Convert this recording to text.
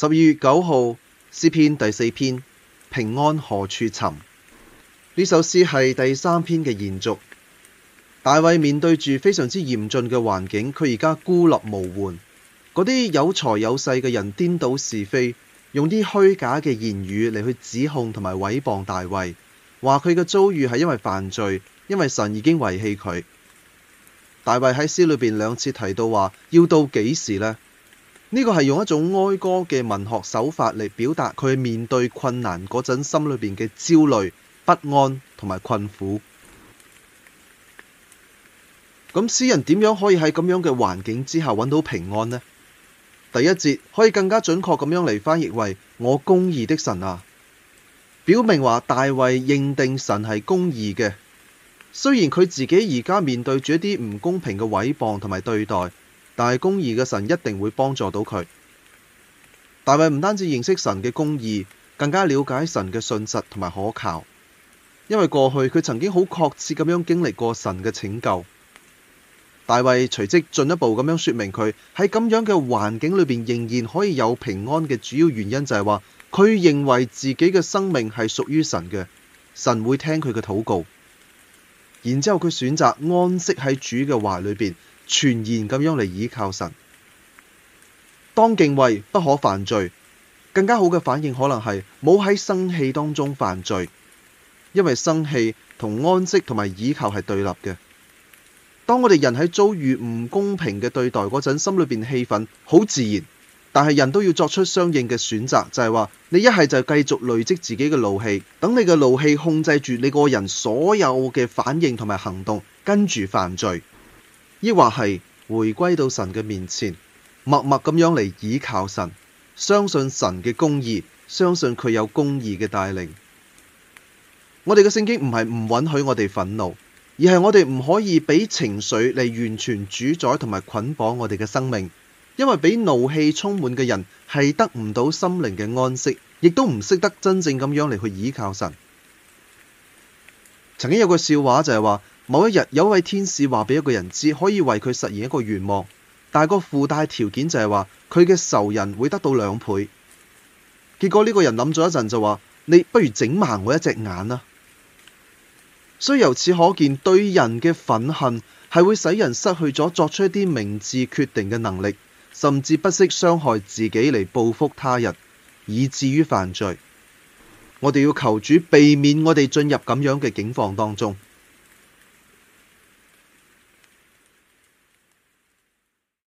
十二月九號，詩篇第四篇，平安何處尋？呢首詩係第三篇嘅延續。大衛面對住非常之嚴峻嘅環境，佢而家孤立無援。嗰啲有財有勢嘅人顛倒是非，用啲虛假嘅言語嚟去指控同埋誹謗大衛，話佢嘅遭遇係因為犯罪，因為神已經遺棄佢。大衛喺詩裏邊兩次提到話，要到幾時呢？呢個係用一種哀歌嘅文學手法嚟表達佢面對困難嗰陣心裏邊嘅焦慮、不安同埋困苦。咁詩人點樣可以喺咁樣嘅環境之下揾到平安呢？第一節可以更加準確咁樣嚟翻譯為：我公義的神啊，表明話大衛認定神係公義嘅。雖然佢自己而家面對住一啲唔公平嘅毀謗同埋對待。但係公義嘅神一定會幫助到佢。大衛唔單止認識神嘅公義，更加了解神嘅信實同埋可靠，因為過去佢曾經好確切咁樣經歷過神嘅拯救。大衛隨即進一步咁樣說明佢喺咁樣嘅環境裏邊仍然可以有平安嘅主要原因就係話佢認為自己嘅生命係屬於神嘅，神會聽佢嘅禱告。然之後佢選擇安息喺主嘅懷裏邊。全然咁樣嚟倚靠神，當敬畏不可犯罪，更加好嘅反應可能係冇喺生氣當中犯罪，因為生氣同安息同埋倚靠係對立嘅。當我哋人喺遭遇唔公平嘅對待嗰陣，心裏邊氣憤好自然，但係人都要作出相應嘅選擇，就係話你一係就繼續累積自己嘅怒氣，等你嘅怒氣控制住你個人所有嘅反應同埋行動，跟住犯罪。抑或係回歸到神嘅面前，默默咁樣嚟倚靠神，相信神嘅公義，相信佢有公義嘅帶領。我哋嘅聖經唔係唔允許我哋憤怒，而係我哋唔可以俾情緒嚟完全主宰同埋捆綁我哋嘅生命，因為俾怒氣充滿嘅人係得唔到心靈嘅安息，亦都唔識得真正咁樣嚟去倚靠神。曾經有個笑話就係話。某一日，有一位天使話俾一個人知，可以為佢實現一個願望，但係個附帶條件就係話佢嘅仇人會得到兩倍。結果呢個人諗咗一陣就話：「你不如整盲我一隻眼啊。」所以由此可見，對人嘅憤恨係會使人失去咗作出一啲明智決定嘅能力，甚至不惜傷害自己嚟報復他人，以至於犯罪。我哋要求主避免我哋進入咁樣嘅境況當中。